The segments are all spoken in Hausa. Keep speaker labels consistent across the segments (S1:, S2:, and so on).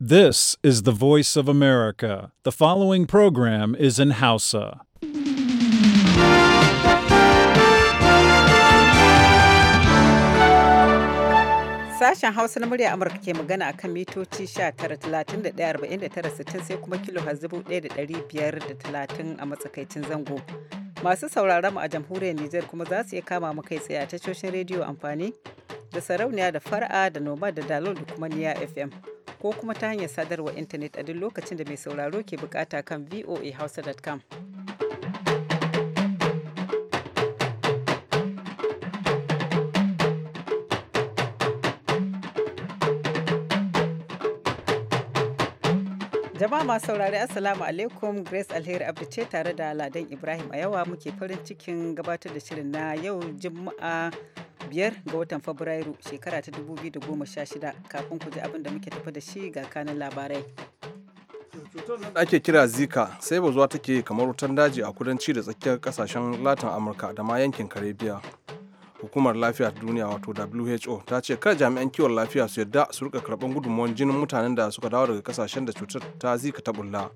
S1: This is the voice of America. The following program is in Hausa. Sashen Hausa na murya Amurka ke magana akan mitoci 19,31,49,60 sai kuma kilo 1,530 a matsakaicin zango. Masu sauraron mu a jamhuriyar Nijar kuma za su iya kama mu kai tsaye a tashoshin rediyo amfani da sarauniya da far'a da noma da dalol da kuma niya fm ko kuma ta hanyar sadarwa intanet a duk lokacin da mai sauraro ke bukata kan voahausa.com Jama'a masu saurari Assalamu alaikum Grace Alheri Abdu ce tare da Ladan Ibrahim a yawa muke farin cikin gabatar da shirin na yau Juma'a biyar ga watan Fabrairu shekara ta 2016 kafin ku ji abin da muke tafi da shi ga kanin labarai.
S2: Cutar da ake kira Zika sai bazuwa take kamar wutan daji a kudanci da tsakiyar kasashen Latin Amurka da ma yankin Karibiya. hukumar lafiya ta duniya wato who ta ce kar jami'an kiwon lafiya su yadda su rika karɓar gudunmawar jinin mutanen da suka dawo daga kasashen da cutar ta zika ta bulla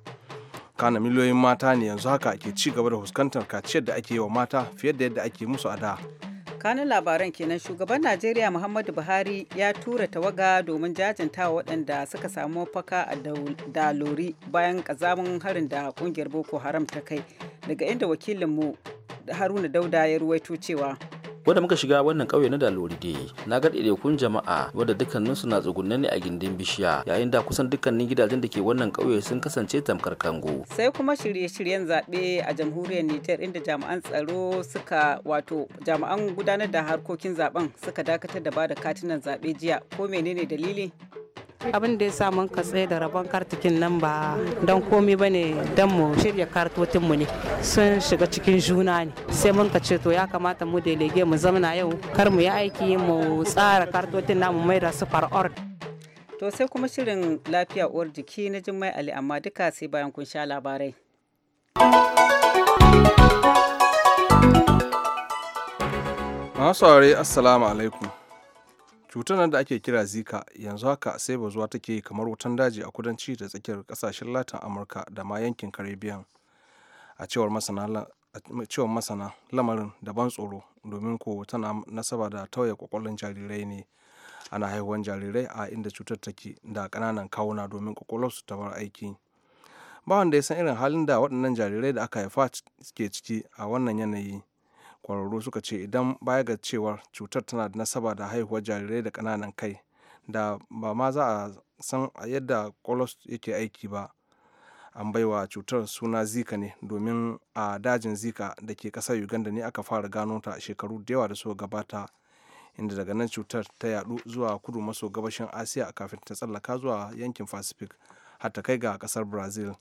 S2: kana miliyoyin mata ne yanzu haka ake ci gaba da fuskantar kaciyar da ake yi wa mata fiye da yadda ake musu a da
S1: kanun labaran kenan shugaban najeriya muhammadu buhari ya tura tawaga domin jajantawa waɗanda suka samu mafaka a dalori bayan ƙazamin harin da ƙungiyar boko haram ta kai daga inda wakilinmu haruna dauda ya ruwaito cewa
S3: wanda muka shiga wannan ƙauye na daloride na ga ɗaiɗaikun jama'a wanda dukkaninsu na tsugunne ne a gindin bishiya yayin da kusan dukkanin gidajen da ke wannan kauye sun kasance tamkar kango
S1: sai kuma shirye-shiryen zaɓe a jamhuriyar nijar inda jami'an tsaro suka wato jami'an gudanar da harkokin zaben suka dakatar da ba da katunan zaɓe jiya ko menene dalili abin da ya sa mun ka tsaye da rabon kartikin nan ba don komi ba ne don mu shirya kartotin mu ne sun shiga cikin juna ne sai mun ka ce to ya kamata mu delege mu zamana yau kar
S4: mu yi aiki mu tsara kartotin namu mai da su far'or
S1: to sai kuma shirin lafiya uwar jiki na jimai ali amma duka sai bayan kun sha labarai
S2: masu aure assalamu alaikum cutar nan da ake kira zika yanzu haka sai bazuwa take yi kamar wutan daji a kudanci da tsakiyar kasashen latin amurka da ma yankin caribbean a cewar masana lamarin da ban tsoro domin ko tana nasaba da tauye kwakwalon jarirai ne ana haihuwan jarirai a inda cutar take da kananan kawuna domin su ta bar aiki ba wanda ya san irin halin da waɗannan jarirai da aka haifa ke ciki a wannan yanayi kwararru suka ce idan baya ga cewar cutar tana da nasaba da haihuwar jarirai da kananan kai da ba ma za a san yadda kwalos yake aiki ba an baiwa cutar suna zika ne domin a dajin zika da ke kasar uganda ne aka fara gano ta shekaru da yawa da suka gabata inda daga nan cutar ta yadu zuwa kudu maso gabashin asiya kafin ta tsallaka zuwa yankin pacific har ta kai ga kasar brazil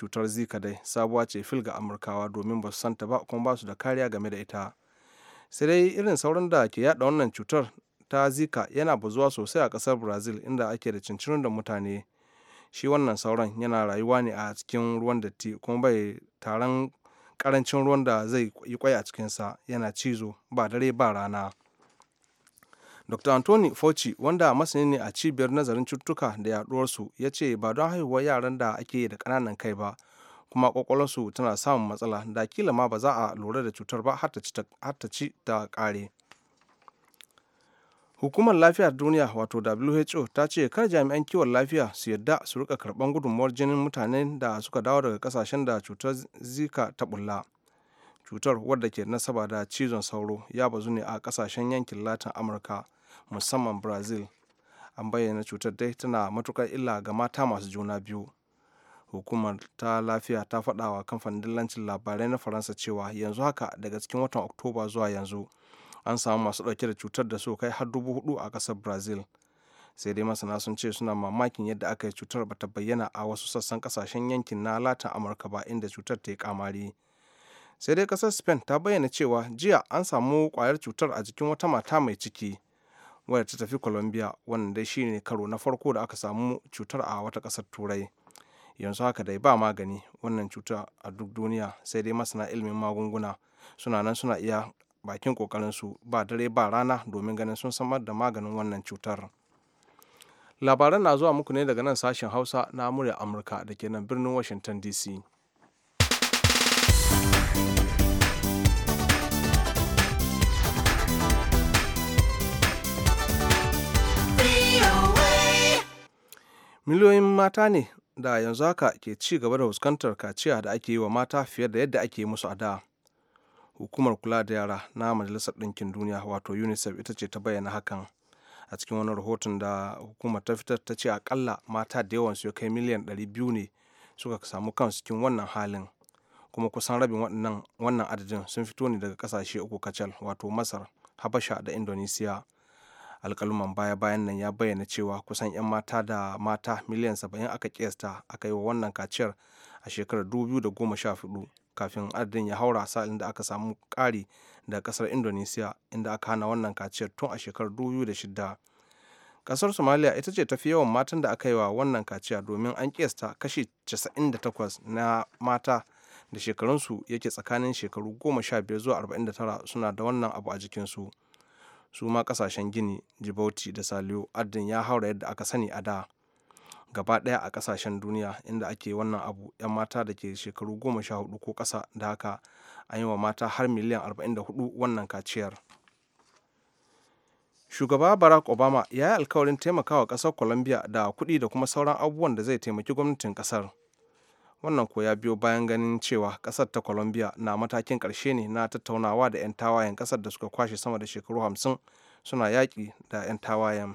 S2: cutar zika dai sabuwa ce fil ga amurkawa domin ba su santa ba kuma ba su da kariya game da ita sai dai irin sauran da ke yada wannan cutar ta zika yana bazuwa sosai a kasar brazil inda ake da cincirin da mutane shi wannan sauran yana rayuwa ne a cikin ruwan datti kuma bai taron karancin ruwan da zai yi kwai a cikinsa yana cizo ba dare ba rana dr anthony fauci wanda masani ne a cibiyar nazarin cututtuka da yaduwarsu ya ce ba don haihuwar yaran da ake da kananan kai ba kuma kwakwalwarsu tana samun matsala da kila ma ba za a lura da cutar ba har ta ci ta kare hukumar lafiyar duniya wato who ta ce kar jami'an kiwon lafiya su yadda su rika karban gudunmuwar jinin mutanen da suka dawo daga kasashen da cutar zika ta bulla cutar wadda ke nasaba da cizon sauro ya bazu ne a kasashen yankin latin amurka musamman brazil an bayyana cutar dai tana matukar illa ga mata masu juna biyu hukumar ta lafiya ta faɗa wa kamfanin dillancin labarai na faransa cewa yanzu haka daga cikin watan oktoba zuwa yanzu an samu masu ɗauke da cutar da su kai har dubu hudu a ƙasar brazil sai dai masana sun ce suna mamakin yadda aka yi cutar bata bayyana a wasu sassan kasashen yankin na latin amurka ba inda cutar ta yi kamari sai dai ƙasar spain ta bayyana cewa jiya an samu kwayar cutar a jikin wata mata mai ciki wadda ta tafi colombia wannan dai shine karo na farko da aka samu cutar a wata kasar turai yanzu haka dai ba magani wannan cuta a duk duniya sai dai masana ilimin magunguna suna nan suna iya bakin kokarin su ba dare ba rana domin ganin sun samar da maganin wannan cutar labaran na zuwa muku ne daga nan sashen hausa na murya amurka da ke nan birnin washington dc miliyoyin mata ne da yanzu haka ke ci gaba da fuskantar kaciya da ake yi wa mata fiye da yadda ake musu a da hukumar kula da yara na majalisar ɗinkin duniya wato unicef ita ce ta bayyana hakan a cikin wani rahoton da hukumar ta fitar ta ce akalla mata da yawan su kai miliyan biyu ne suka samu kansu cikin wannan halin kuma kusan rabin wannan adadin sun fito ne daga kasashe uku kacal wato masar habasha da indonesiya alkaluman baya-bayan nan ya bayyana cewa kusan 'yan mata da mata miliyan 70 aka kiyasta aka yi wa wannan kaciyar a shekarar 2014 kafin adadin ya haura sa'ilin da aka samu ƙari da kasar indonesiya inda aka hana wannan kaciyar tun a shekarar 2006 kasar somalia ita ce tafi yawan matan da aka yi wa wannan kaciya domin an kiyasta kashi 98 na mata da shekarunsu yake tsakanin shekaru 15 zuwa 49 suna da wannan abu a jikinsu. su ma kasashen gini djibouti da saliu adadin ya haura yadda aka sani a da gaba ɗaya a kasashen duniya inda ake wannan abu 'yan mata da ke shekaru goma sha hudu ko ƙasa da haka an yi wa mata har miliyan arba'in da hudu wannan kaciyar shugaba barack obama ya yi alkawarin taimakawa ƙasar colombia da kuɗi da kuma sauran abubuwan da zai taimaki gwamnatin ƙasar wannan ko ya biyo bayan ganin cewa kasar ta colombia na matakin karshe ne na tattaunawa da 'yan tawayen kasar da suka kwashe sama da shekaru 50 suna yaƙi da 'yan tawayen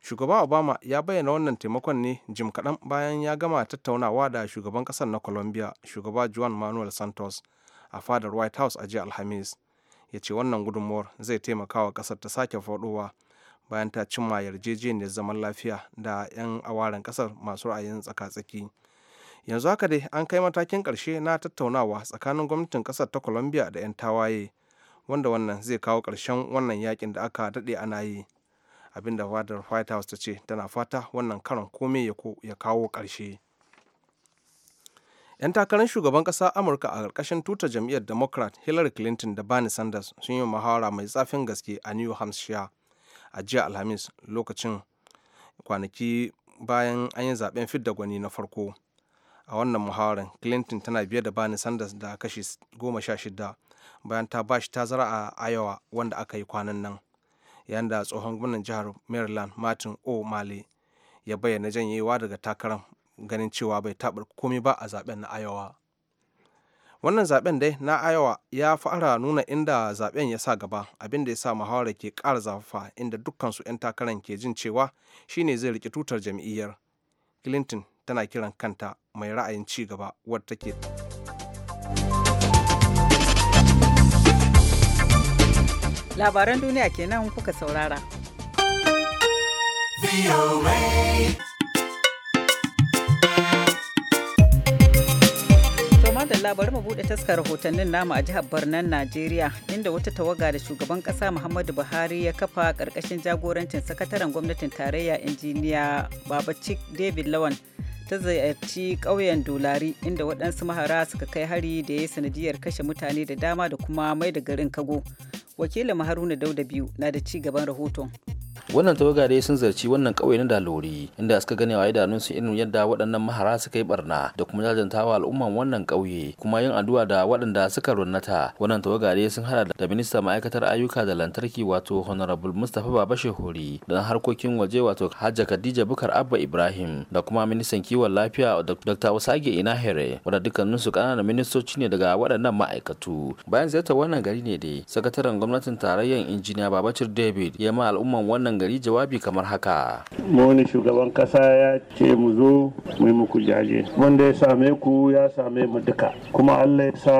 S2: shugaba obama ya bayyana wannan taimakon ne jim kaɗan bayan ya gama tattaunawa da shugaban kasar na colombia shugaba juan manuel santos a fadar white house a jiya alhamis ya ce wannan gudunmuwar zai taimaka wa kasar ta sake faɗowa bayan ta cimma yarjejeniyar zaman lafiya da 'yan awaren kasar masu ra'ayin tsaka-tsaki. yanzu haka dai an kai matakin ƙarshe na tattaunawa tsakanin gwamnatin ƙasar ta colombia da 'yan tawaye wanda wannan zai kawo ƙarshen wannan yakin da aka daɗe ana yi abinda da fadar white house ta ce tana fata wannan karon komai ya kawo ƙarshe 'yan takarar shugaban ƙasa amurka a ƙarƙashin tuta jam'iyyar democrat hillary clinton da bernie sanders sun yi muhawara mai tsafin gaske a new hampshire a jiya alhamis lokacin kwanaki bayan an yi zaben fidda gwani na farko a wannan muhawarar clinton tana biye da bani sanders da kashi goma sha shida bayan ta bashi tazara a ayawa wanda aka yi kwanan nan yayin da tsohon gwamnan jihar maryland martin o male ya bayyana janyewa daga takarar ganin cewa bai taɓa komai ba a zaben na ayawa. wannan zaben dai na ayawa ya fara nuna inda zaben ya sa gaba abinda ya sa mahawara ke ƙara zafafa inda dukkansu 'yan takarar ke jin cewa shine zai riƙe tutar jam'iyyar clinton tana kiran kanta mai ra'ayin ci gaba wadda take
S1: labaran duniya kenan kuka saurara da bari mu bude taskar rahotannin namu a jihar Barnan Najeriya inda wata tawaga da shugaban kasa Muhammadu Buhari ya kafa karkashin jagorancin sakataren gwamnatin tarayya injiniya Babacik David Lawan ta ziyarci ƙauyen dolari inda waɗansu mahara suka kai hari da ya yi sanadiyar kashe mutane da dama da kuma mai da garin kago wakilin haruna dauda biyu na da ci gaban rahoton
S3: wannan tawaga dai sun zarci wannan kauye na dalori inda suka gane wa su irin yadda waɗannan mahara suka yi barna da kuma jajantawa al'umman wannan kauye kuma yin addu'a da waɗanda suka runnata wannan tawaga dai sun hada da minista ma'aikatar ayyuka da lantarki wato honorable mustapha baba shehuri da harkokin waje wato hajja khadija bukar abba ibrahim da kuma ministan kiwon lafiya dr wasage inahere wadda su ƙananan ministoci ne daga waɗannan ma'aikatu bayan ziyartar wannan gari ne dai sakataren gwamnatin tarayyar injiniya babacir david ya ma al'umman wannan wannan gari jawabi kamar haka.
S5: Moni shugaban kasa ya ce mu zo mu muku jaje. Wanda ya same ku ya same mu duka. Kuma Allah ya sa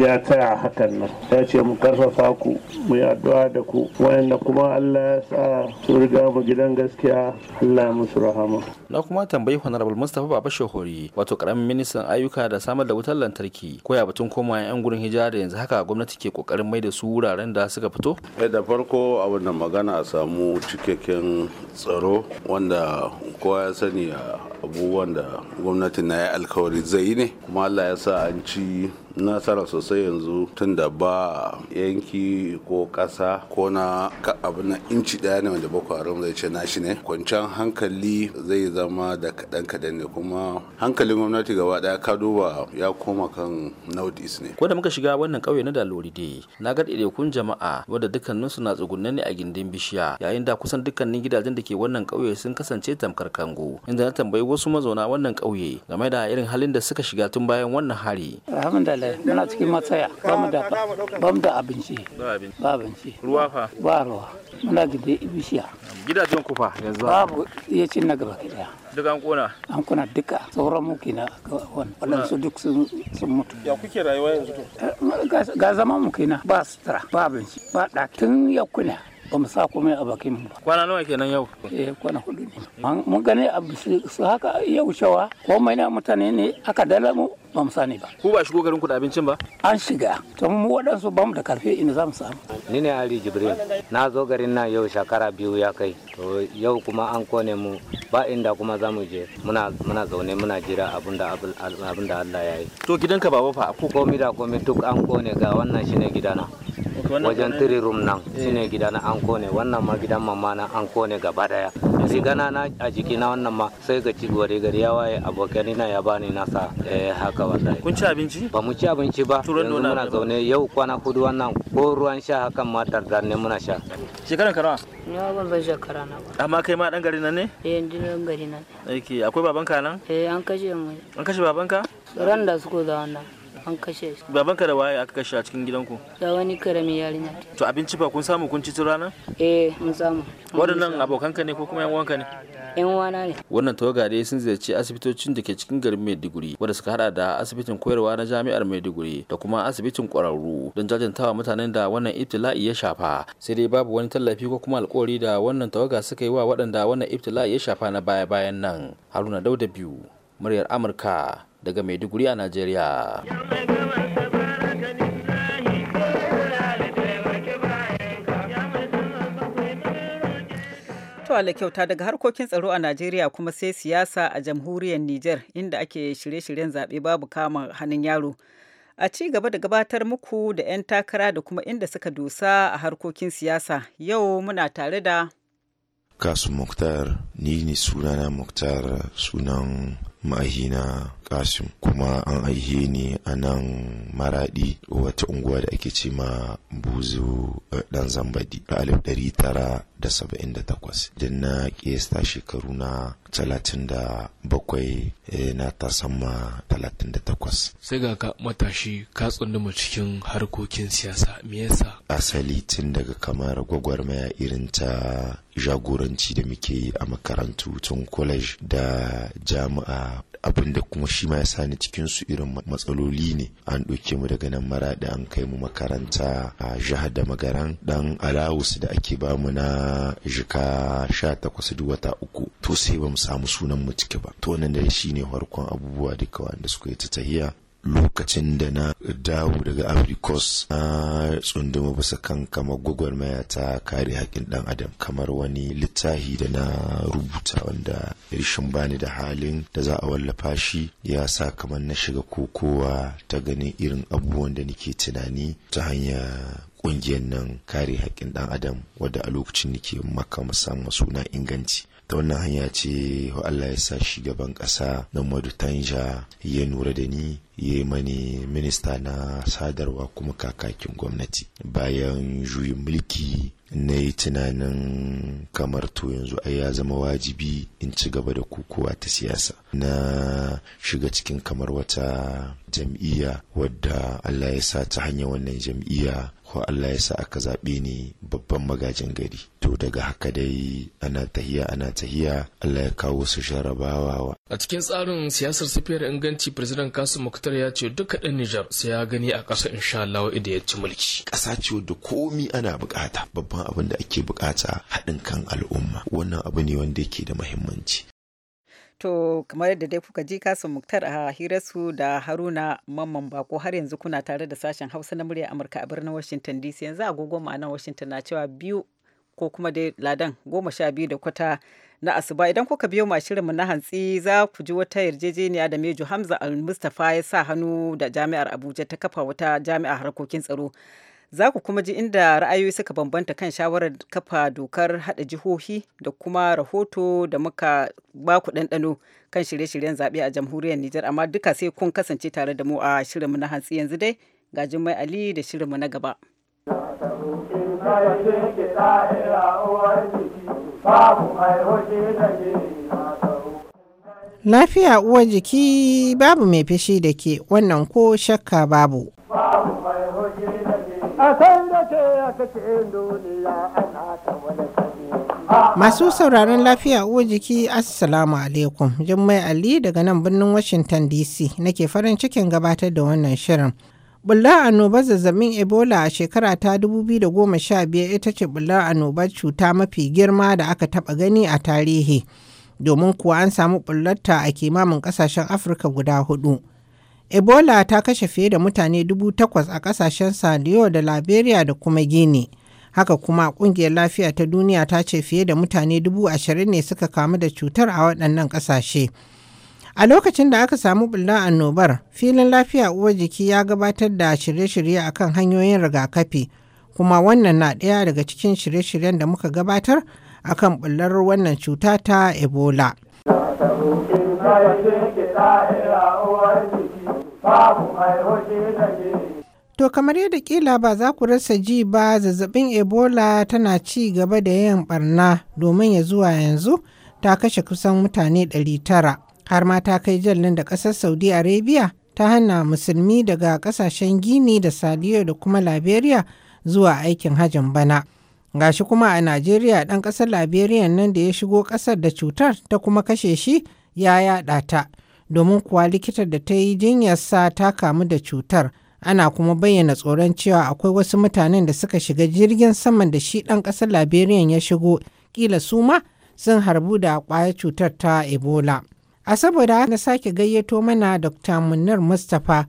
S5: ya tsaya hakan nan. Ya ce mu karfafa ku mu yi addu'a da ku. Wayanda kuma Allah ya sa su riga mu gidan gaskiya Allah ya musu rahama.
S3: Na kuma tambayi Honorable Mustapha Baba shahori wato karamin ministan ayyuka da samar da wutar lantarki ko ya batun koma yan gurin hijira da yanzu haka gwamnati ke kokarin mai da su wuraren da suka fito. Eh, da farko a da magana a samu cikakken tsaro wanda kowa ya sani abubuwan da gwamnati na ya alkawari zai yi ne kuma allah ya sa an ci nasara sosai yanzu tun da ba yanki ko ƙasa ko na abu na inci daya ne wanda boko haram zai ce nashi ne kwanciyar hankali zai zama da kaɗan kaɗan ne kuma hankalin gwamnati gaba ɗaya ka duba ya koma kan nautis ne ko da muka shiga wannan ƙauye na da dai na ga kun jama'a wadda dukkaninsu na tsugunne ne a gindin bishiya yayin da kusan dukkanin gidajen da ke wannan ƙauye sun kasance tamkar kango inda na tambayi wasu mazauna wannan ƙauye game da irin halin da suka shiga tun bayan wannan hari wallahi muna cikin matsaya ba mu da ba mu da abinci ba abinci ruwa fa ba ruwa muna gida bishiya gidajen ku fa yanzu babu iya cin na gaba daya duk an kona an kona duka sauran mu kenan wannan su duk sun mutu ya kuke rayuwa yanzu to eh, ga zaman mu kenan ba sutura ba abinci ba dakin ya kuna ba mu sa komai a bakin mu ba. Kwana nawa kenan yau? Eh kwana hudu ne. Mun gane abu su haka yau shawa komai na mutane ne aka dala mu ba mu sani ba ku ba shigo garin ku da abincin ba an shiga to mu waɗansu ba mu da karfe in za mu samu ni ne ali jibril na zo garin nan yau shekara biyu ya kai to yau kuma an kone mu ba inda kuma za mu je muna muna zaune muna jira abinda abinda Allah ya yi to gidanka ba fa ko komi da komi duk an kone ga wannan shine gidana wajen tiri rum nan shine gida na an kone wannan ma gidan mama na an kone gaba daya rigana na a jiki na wannan ma sai ga ci gari gari ya waye abokan na ya bani na sa eh, haka wallahi kun ci abinci ba mu ci abinci ba yanzu muna zaune yau kwana hudu wannan ko ruwan sha hakan ma dardar ne muna sha shekaran karawa ya ban bai shekara na ba amma kai ma dan gari nan ne eh dan gari nan aiki akwai babanka nan
S1: eh an kashe mu
S3: an kashe babanka ran
S1: da suko da wannan an kashe shi
S3: baban ka da waye aka kashe a cikin gidanku
S1: da wani karami yarinya
S3: to abinci ba kun samu kun ci tun rana eh mun samu waɗannan ka ne ko kuma yan uwanka ne yan uwana ne wannan tawaga dai sun ziyarci asibitocin da ke cikin garin Maiduguri wanda suka hada da asibitin koyarwa na jami'ar Maiduguri da kuma asibitin ƙwararru don jajantawa mutanen da wannan ibtila'i ya shafa sai dai babu wani tallafi ko kuma alƙawari da wannan tawaga suka yi wa waɗanda wannan ibtila'i ya shafa na baya-bayan nan haruna dauda biyu muryar amurka daga Maiduguri a Najeriya.
S1: Fatuwa kyauta daga harkokin tsaro a Najeriya kuma sai siyasa a jamhuriyar Nijar inda ake shirye-shiryen zaɓe babu kama hannun yaro. A ci gaba da gabatar muku da 'yan takara da kuma inda suka dosa a harkokin siyasa. Yau muna tare da
S6: Kasu Muktar, ni ne sunana Muktar sunan mahina kasim kuma an aihe ni a nan maraɗi. wata unguwa da ake ce ma buzu dan eh, zambadi a alif ɗari tara da saba'in da takwas din na kesta shekaru na talatin da bakwai eh, na tasamma talatin da takwas
S3: sai ga ka matashi ka tsunduma cikin harkokin siyasa me yasa
S6: asali tun daga kamar gwagwarmaya irin ta jagoranci da muke a makarantu tun college da jami'a abin da kuma shi ma ya sani cikin su irin matsaloli ne an ɗauke mu daga nan mara da an kai mu makaranta a jihar da magaran dan alawus da ake bamu na jika sha takwas duk wata uku to sai ba mu samu sunan mu ciki ba to nan da shi ne farkon abubuwa duka wanda suka yi ta tahiya lokacin da na dawo daga africos na tsunduma basa kan kamar maya ta kare hakkin ɗan adam kamar wani littahi da na rubuta wanda rishin bani da halin da za a wallafa shi ya sa kamar na shiga kokowa ta ganin irin abubuwan da nake tunani ta hanya ƙungiyar nan kare haƙin ɗan adam wadda a lokacin nake maka musamman suna inganci ta wannan hanya ce Allah ya sa shi gaban ƙasa na tanja ya nura da ni ya yi mani minista na sadarwa kuma kakakin gwamnati bayan juyin mulki na yi tunanin kamar to yanzu ai ya zama wajibi in ci gaba da kukuwa ta siyasa na shiga cikin kamar wata jam'iyya wadda Allah ya sa ta hanyar wannan jam'iyya ko Allah ya sa aka zaɓe ni babban magajin gari to daga haka dai ana tahiya ana tahiya Allah ya kawo su jarabawa
S2: a cikin tsarin siyasar safiyar inganci president Kasu Muktar kasar ya ce duka ɗan Nijar sai ya gani a ƙasa insha Allah da ya ci mulki.
S6: Ƙasa ce da komi ana bukata babban abin da ake bukata haɗin kan al'umma wannan abu ne wanda yake da muhimmanci.
S1: To kamar yadda dai kuka ji kasu Muktar a hirarsu da Haruna Mamman Bako har yanzu kuna tare da sashen Hausa na murya Amurka a birnin Washington DC yanzu agogo ma'anar Washington na cewa biyu ko kuma dai ladan goma sha biyu da kwata na asuba idan kuka biyo ma shirinmu na hantsi za ku ji wata yarjejeniya da Mejo Hamza al mustapha ya sa hannu da Jami'ar Abuja ta kafa wata jami'ar harkokin tsaro. Za ku kuma ji inda ra'ayoyi suka bambanta kan shawarar kafa dokar hada jihohi da kuma rahoto da muka ba ku ɗanɗano kan shirye-shiryen zaɓe a jamhuriyar Nijar amma duka sai kun kasance tare da mu a shirinmu na hantsi yanzu dai ga Ali da shirinmu na gaba.
S4: Lafiya uwar jiki babu mai fishi da ke wannan ko shakka babu. Masu sauraron lafiya uwar jiki Assalamu alaikum. Jummai Ali daga nan birnin Washington DC nake farin cikin gabatar da wannan shirin. Bullar annobar zazzabin Ebola a shekara ta 2015 ita ce bullar annobar cuta mafi girma da aka taɓa gani a tarihi, domin kuwa an samu bullarta a kimamin ƙasashen Afirka guda hudu. Ebola ta kashe fiye da mutane dubu takwas a ƙasashen Sadiyo da Liberia da kuma Gini. Haka kuma ƙungiyar lafiya ta duniya ta ce fiye da mutane dubu ashirin ne suka kamu da cutar a waɗannan ƙasashe. A lokacin da aka samu bullar annobar, filin lafiya uwar jiki ya gabatar da shirye-shirye akan hanyoyin rigakafi, kuma wannan na ɗaya daga cikin shirye-shiryen da muka gabatar akan bullar wannan cuta ta Ebola. To kamar yadda kila ba za ku rasa ji ba zazzabin Ebola tana ci gaba da yin barna domin ya zuwa yanzu ta kashe kusan mutane 900. har ma ta kai jallin da ƙasar saudi arabia ta hana musulmi daga ƙasashen gini da sadiyo da kuma liberia zuwa aikin hajin bana gashi kuma a najeriya dan ƙasar liberia nan da ya shigo ƙasar da cutar ta kuma kashe shi ya yada ta domin kuwa likitar da ta yi jinyarsa ta kamu da cutar ana kuma bayyana tsoron cewa akwai wasu mutanen da suka shiga jirgin saman da shi dan ƙasar liberia ya shigo kila suma sun harbu da kwayar cutar ta ebola A saboda na sake gayyato mana Dr. Munir Mustapha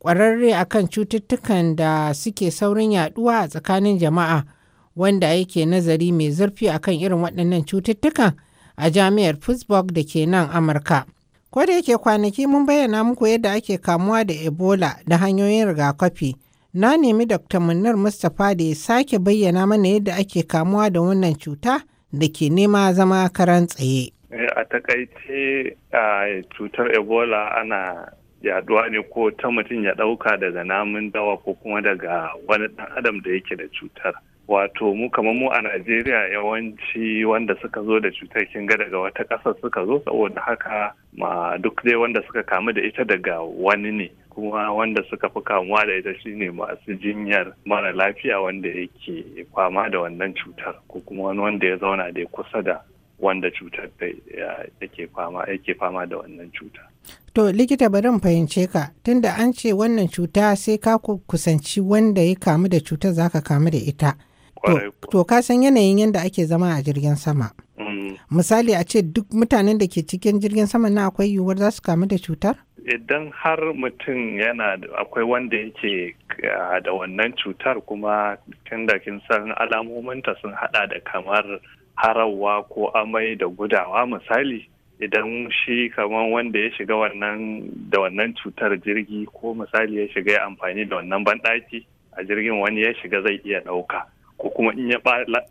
S4: ƙwararre akan cututtukan da suke saurin yaduwa a tsakanin jama'a wanda yake nazari mai zurfi akan irin waɗannan cututtukan a jami'ar Pittsburgh da ke nan Amurka. Ko da yake kwanaki mun bayyana muku yadda ake kamuwa da Ebola da hanyoyin rigakafi. Na nemi Dr. Munir Mustapha da ya sake bayyana mana yadda ake kamuwa da wannan cuta da ke nema zama karan tsaye.
S5: Eh, a takaice a cutar ebola ana yaduwa ne ko ta mutum ya dauka daga namun dawa ko kuma daga wani dan adam da yake da cutar wato mu kamar mu a najeriya yawanci wanda suka zo da cutar kin ga daga wata ƙasa suka zo saboda haka ma duk dai wanda suka kamu da ita daga wani ne kuma wanda suka fi kamuwa da ita shine masu jinyar mara lafiya wanda yake fama da wannan cutar ko kuma wani wanda ya zauna da kusa da wanda cutar take fama yake fama da wannan cuta.
S4: To likita bari mu fahimce ka tunda an ce wannan cuta sai ka kusanci wanda ya kamu da cutar zaka kamu da ita. To ka san yanayin yadda ake zama a jirgin sama. Mm. Misali a ce duk mutanen da ke cikin jirgin sama na akwai yiwuwar za su kamu da cutar?
S5: Idan har mutum yana akwai wanda yake ah, da wannan cutar kuma tun da kin san alamominta sun hada da kamar harawa ko amai da gudawa misali idan shi kamar wanda ya shiga wannan da wannan cutar jirgi ko misali ya shiga ya amfani da wannan banɗaki a jirgin wani ya shiga zai iya ɗauka ko kuma in ya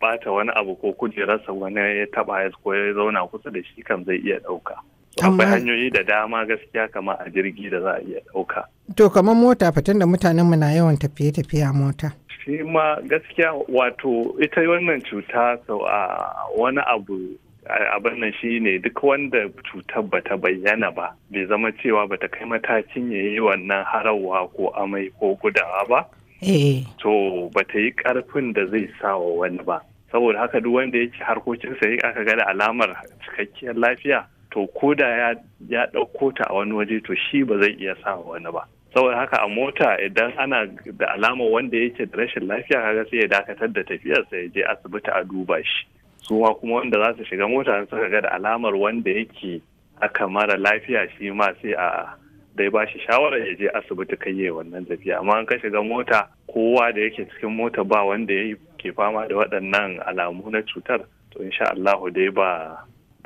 S5: ɓata wani abu ko kujerarsa wani ya taɓa ko ya zauna kusa da shi kam zai iya ɗauka. akwai hanyoyi da dama gaskiya kama a jirgi da za a iya ɗauka.
S4: to kamar mota fitan da mutanenmu na yawan tafiye-tafiye a mota.
S5: shi ma gaskiya wato ita wannan cuta sau a wani abu abin nan shi ne duk wanda cutar ba ta bayyana ba bai zama cewa ba ta kai matakin ya yi wannan harawa ko amai ko gudawa ba eh. to ba ta yi karfin da zai sa wa wani ba saboda haka duk wanda yake harkokinsa ya aka ga alamar cikakkiyar lafiya to ko da ya ɗauko ta a wani waje to shi ba zai iya sa wani ba saboda haka a mota idan ana da alama wanda yake da rashin lafiya kaga sai ya dakatar da tafiyar sai ya je asibiti a duba shi su ma kuma wanda za su shiga mota suka ga da alamar wanda yake aka mara lafiya shi ma sai a dai ba shi shawarar ya je asibiti kai ya wannan tafiya amma an ka shiga mota kowa da yake cikin mota ba wanda ya ke fama da waɗannan alamu na cutar to insha Allah dai ba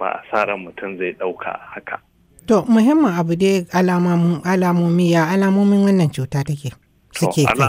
S5: ba asarar mutum zai ɗauka haka
S4: To muhimmin abu dai alamomi ya alamomin wannan cuta
S5: take. suke alamomin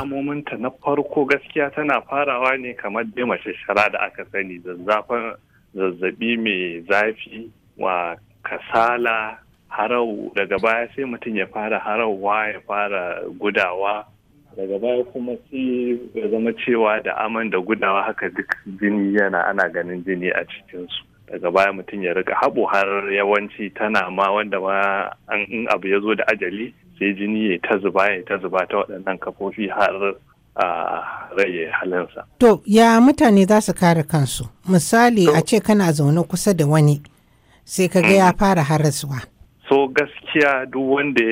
S5: Alamominta na farko gaskiya tana farawa ne kamar dai mace shara da aka sani zazzafan zazzabi mai zafi wa kasala harau daga baya sai mutum ya fara harauwa ya fara gudawa daga baya kuma sai ya zama cewa da aman da gudawa haka duk jini yana ana ganin jini a cikinsu daga baya mutum ya rika haɓo har yawanci tana ma wanda ma in abu ya zo da ajali sai jini ya ta zuba ya ta zuba ta waɗannan kafofi har a rage halinsa.
S4: To ya mutane za su kare kansu misali a ce kana zaune kusa da wani sai ka ga ya mm. fara harasuwa.
S5: So gaskiya duk wanda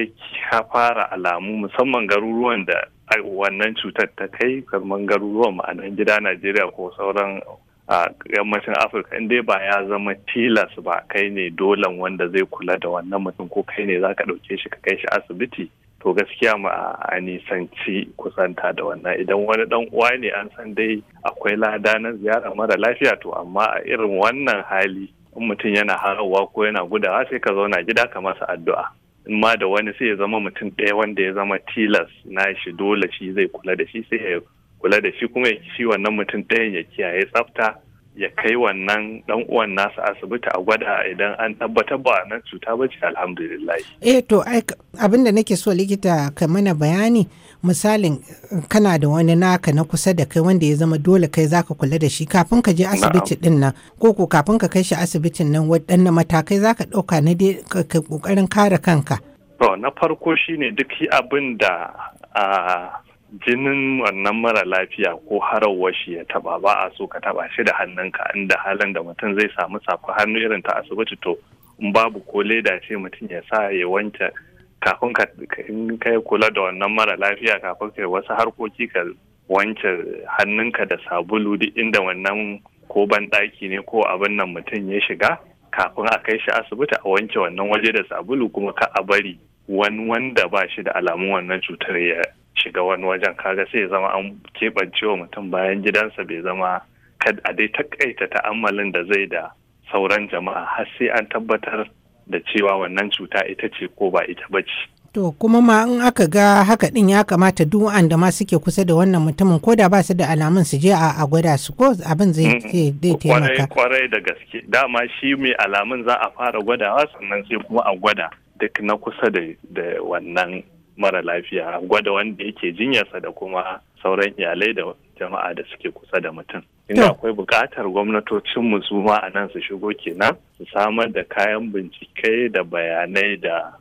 S5: ya fara alamu musamman garuruwan da wannan cutar ta kai kamar garuruwan ma'anan gida Najeriya ko sauran a yammacin afirka in dai ba ya zama tilas ba kai ne dolan wanda zai kula da wannan mutum ko kai ne za ka ɗauke shi ka kai shi asibiti to gaskiya ma a nisanci kusanta da wannan idan wani dan uwa ne an san dai akwai lada na ziyara mara lafiya to amma a irin wannan hali in mutum yana harawa ko yana gudawa sai ka zauna gida ka masa addu'a in ma da wani sai ya zama mutum ɗaya wanda ya zama tilas na shi dole shi zai kula da shi sai ya kula da shi kuma shi wannan mutum ɗayan ya kiyaye tsafta ya kai wannan ɗan uwan nasa asibiti a gwada idan an tabbatar ba nan cuta ba ce alhamdulillah
S4: eh to abin da nake so likita ka mana bayani misalin kana da wani naka na kusa da kai wanda ya zama dole kai zaka kula da shi kafin ka je asibiti din nan ko ko kafin ka kai shi asibitin nan waɗannan matakai zaka ɗauka na dai kokarin kare kanka
S5: to na farko shine duk abin da ah, jinin wannan mara lafiya ko harawar shi ya taba ba a so ka taba shi da hannunka inda halin da mutum zai samu safa hannu irin ta asibiti to in babu ko leda ce mutum ya sa ya wanke kafin ka in ka kula da wannan mara lafiya kafin ka wasu harkoki ka wanke hannunka da sabulu duk inda wannan ko ban daki ne ko abin nan mutum ya shiga kafin a kai shi asibiti a wanke wannan waje da sabulu kuma ka a bari wani wanda ba shi da alamun wannan cutar ya shiga wani wajen kaga sai zama an keɓance wa mutum bayan gidansa bai zama a dai takaita ta'ammalin da zai da sauran jama'a har sai an tabbatar da cewa wannan cuta ita ce ko ba ita ba ce.
S4: To kuma ma in aka ga haka din ya kamata duk da ma suke kusa da wannan mutumin ko da ba su da alamun su je a gwada su ko abin zai taimaka.
S5: Kwarai da gaske dama shi mai alamun za a fara gwadawa sannan sai kuma a gwada duk na kusa da wannan mara lafiya gwada wanda yake jinyarsa da kuma sauran iyalai da jama'a da suke kusa da mutum inda akwai buƙatar gwamnatocinmu su ma a nan su shigo kenan su samar da kayan bincike da bayanai da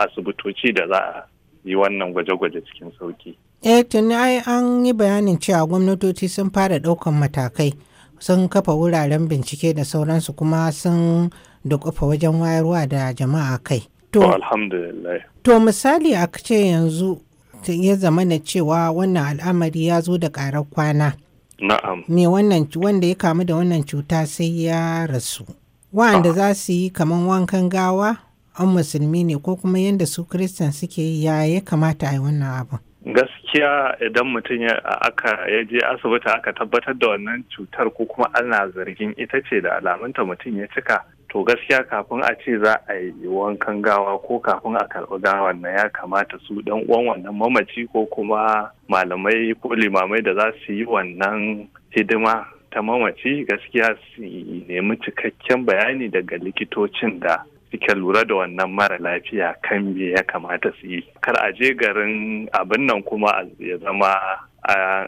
S5: asibitoci da za a yi wannan gwaje-gwaje cikin sauki.
S4: eh tuni ai an yi bayanin cewa gwamnatoci sun fara ɗaukan matakai sun kafa wuraren bincike da sauransu kuma sun da wajen wayarwa da jama'a kai.
S5: To, alhamdulillah.
S4: To misali a ce yanzu ya zama na cewa wannan al'amari ya zo da ƙarar kwana. Na'am. Me wannan wanda ya kamu da wannan cuta sai ya rasu. Wa'anda ah. za su yi kaman wankan gawa an musulmi ne ko kuma yadda su kristan suke ya ya kamata a yi wannan abu
S5: Gaskiya idan mutum ya aka ya je asibiti aka tabbatar da wannan cutar ko kuma ana zargin ita ce da alamunta mutum ya cika to gaskiya kafin a ce za a yi wankan gawa ko kafin a karɓi gawan na ya kamata su dan uwan wannan mamaci ko kuma malamai ko limamai da za su yi wannan hidima ta mamaci gaskiya su nemi cikakken bayani daga likitocin da suke lura da wannan mara lafiya kan me ya kamata su yi kar a je garin abin nan kuma ya zama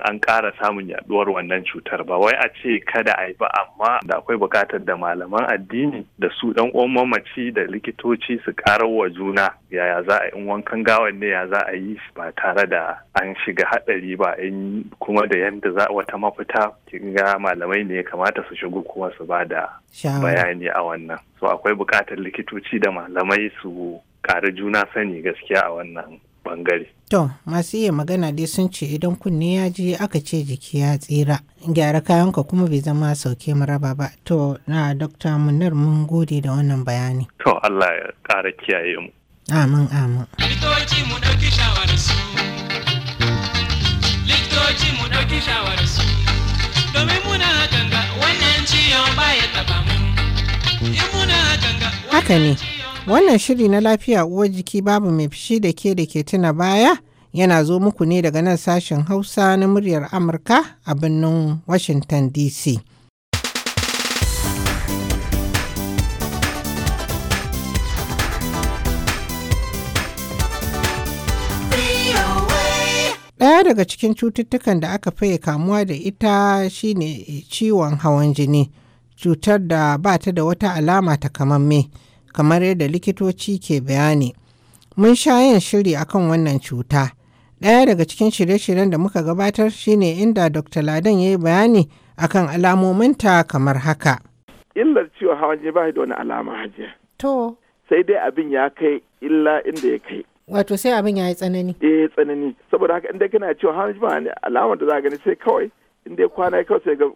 S5: an ƙara samun yaduwar wannan cutar ba wai a ce kada a yi ba amma da akwai buƙatar da malaman addini da su ɗan uwan mamaci da likitoci su ƙarar wa juna yaya za a in wankan gawan ne ya za a yi ba tare da an shiga haɗari ba in kuma da yadda za wata mafita kin ga malamai ne kamata su shigo kuma su ba da bayani a wannan so akwai buƙatar likitoci da malamai su ƙara juna sani gaskiya a wannan bangare.
S4: To, masu iya magana dai sun ce idan kunne ya ji aka ce jiki ya tsira. Gyara kayanka kuma bai zama sauke maraba ba. To, na Dokta Munir mun gode da wannan bayani.
S5: To, Allah ya ƙara kiyaye mu.
S7: Amin, amin. Likitoci
S5: mu ɗauki shawararsu.
S7: Likitoci mu ɗauki shawararsu. Domin muna ganga
S3: wannan ciyon ya taɓa mu. In
S4: muna ganga. Haka ne. Wannan shiri na lafiya uwar jiki babu mai fishi da ke da ke tuna baya yana zo muku ne daga nan sashen Hausa na muryar Amurka a birnin Washington DC. Ɗaya daga cikin cututtukan da aka faye kamuwa da ita shine ciwon hawan jini, cutar da ba ta da wata alama takamamme. kamar yadda likitoci ke bayani. Mun sha yin shiri akan wannan cuta. Ɗaya daga cikin shirye-shiryen da muka gabatar shine inda Dr. Ladan ya yi bayani akan alamominta kamar haka.
S7: Illar ciwon hawan jini ba da wani alama hajiya. To. Sai dai abin ya kai illa inda ya kai.
S4: Wato sai abin ya yi tsanani.
S7: Eh tsanani. Saboda haka inda kana ciwon hawan jini ba ne alamar da za gani sai kawai inda kwana kawai sai ga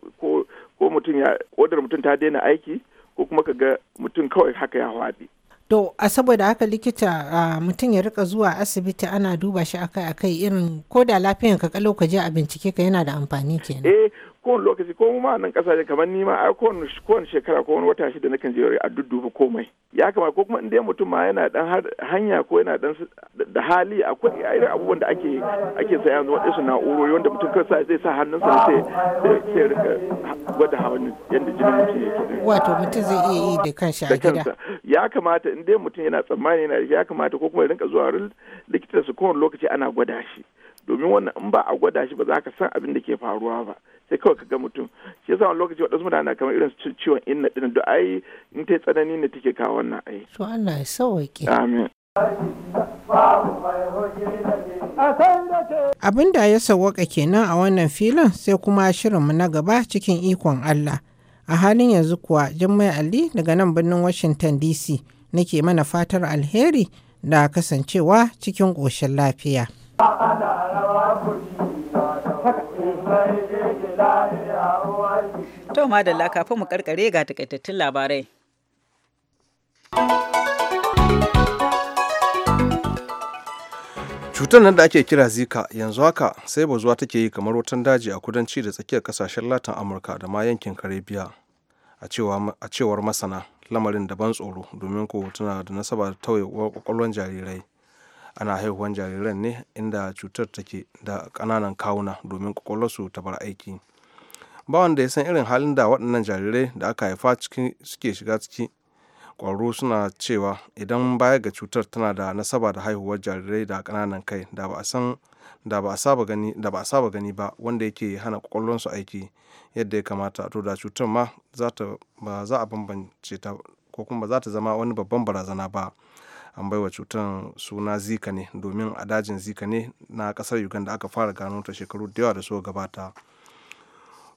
S7: ko mutum ya kodar mutum ta daina aiki ko kuma ka ga mutum kawai haka ya haɗe.
S4: To, a saboda haka likita a mutum ya rika zuwa asibiti ana duba shi akai akai irin ko da lafiyan ka kalau ka je a bincike ka yana da amfani kenan.
S7: Eh, kowane lokaci ko ma nan kasashe kamar ni ma ai kowane kowane shekara ko wani wata shida nakan je a duddufa komai ya kamata ko kuma in dai mutum ma yana dan hanya ko yana dan da hali akwai irin abubuwan da ake ake saya yanzu wadansu na'urori wanda mutum kansa zai sa hannunsa sai sai rika gwada hawan yadda jinin mutum yake wato mutum zai
S4: iya yi da kansa a gida
S7: ya kamata in dai mutum yana tsammani yana ya kamata ko kuma rinka zuwa likitansa kowane lokaci ana gwada shi domin wannan in ba a gwada shi ba za ka san abin da ke faruwa ba sai kawai ka ga mutum shi yasa wani lokaci waɗansu mutane kamar irin su ciwon inna ɗin da ai in ta tsanani ne take kawo wannan ai
S4: to Allah ya sauke amin Abin da ya sawwaka kenan a wannan filin sai kuma shirin mu na gaba cikin ikon Allah. A halin yanzu kuwa Jummai Ali daga nan birnin Washington DC nake mana fatar alheri da kasancewa cikin ƙoshin lafiya.
S1: To madalla kafin mu karkare ga takaitattun labarai.
S2: Cutar nan da ake kira Zika yanzu haka sai bazuwa take yi kamar wutan daji a kudanci da tsakiyar kasashen Latin Amurka da ma yankin Karibiya. A cewar masana lamarin daban tsoro domin ko tana da nasaba da tauye kwakwalwar jarirai. Ana haihuwan jariran ne inda cutar take da ƙananan kawuna domin kwakwalwarsu ta bar aiki. ba wanda ya san irin halin da waɗannan jarirai da aka haifa suke shiga ciki ƙwarro suna cewa idan baya ga cutar tana da nasaba da haihuwar jarirai da ƙananan kai da ba a saba gani ba a saba gani ba wanda yake hana su aiki yadda ya kamata to da cutar ma ba za a bambance ta ko kuma ba za ta zama wani babban barazana ba an baiwa cutar suna zika ne domin a dajin zika ne na kasar uganda aka fara gano ta shekaru da yawa da suka gabata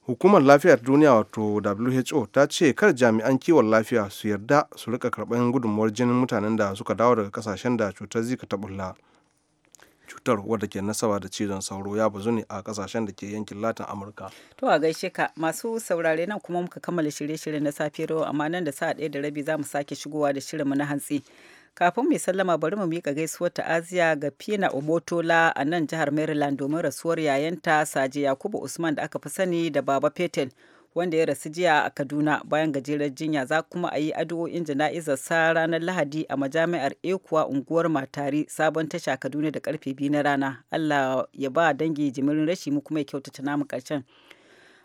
S2: hukumar lafiyar duniya wato who ta ce kar jami'an kiwon lafiya su yarda su rika karɓar gudunmuwar jinin mutanen da suka dawo daga kasashen da cutar zika ta bulla cutar wadda ke nasaba da cizon sauro ya bazu ne a kasashen da ke yankin latin amurka
S1: to a gaishe ka masu saurare nan kuma muka kammala shirye-shirye na safiyar amma nan da sa'a ɗaya da rabi za mu sake shigowa da mu na hantsi kafin mai sallama bari mu miƙa gaisuwar ta'aziya ga Pina Omotola a nan jihar Maryland domin rasuwar yayanta Saje Yakubu Usman da aka fi sani da Baba Petel wanda ya rasu jiya a Kaduna bayan gajeren jinya za kuma a yi addu'o'in jana'izar sa ranar Lahadi a majami'ar Ekuwa unguwar Matari sabon tasha Kaduna da karfe biyu na rana. Allah ya ba dangi jimirin rashi mu kuma ya kyautata namu karshen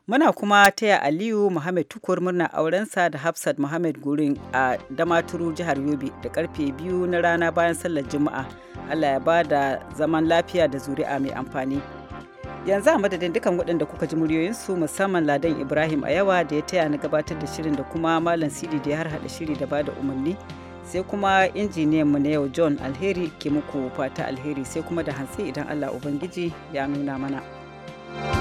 S1: Muna kuma taya Aliyu Muhammad Tukur murna aurensa da Hafsat Muhammad Gurin a Damaturu jihar Yobe da karfe biyu na rana bayan sallar Juma'a. Allah ya ba da zaman lafiya da zuri'a mai amfani. Yanzu a madadin dukan waɗanda kuka ji muryoyinsu musamman Ladan Ibrahim a yawa da ya taya na gabatar da shirin da kuma Malam Sidi da ya har hada shiri da bada umarni. Sai kuma injiniyan mu na yau John Alheri ke muku fata alheri sai kuma da hantsi idan Allah Ubangiji ya nuna mana. thank you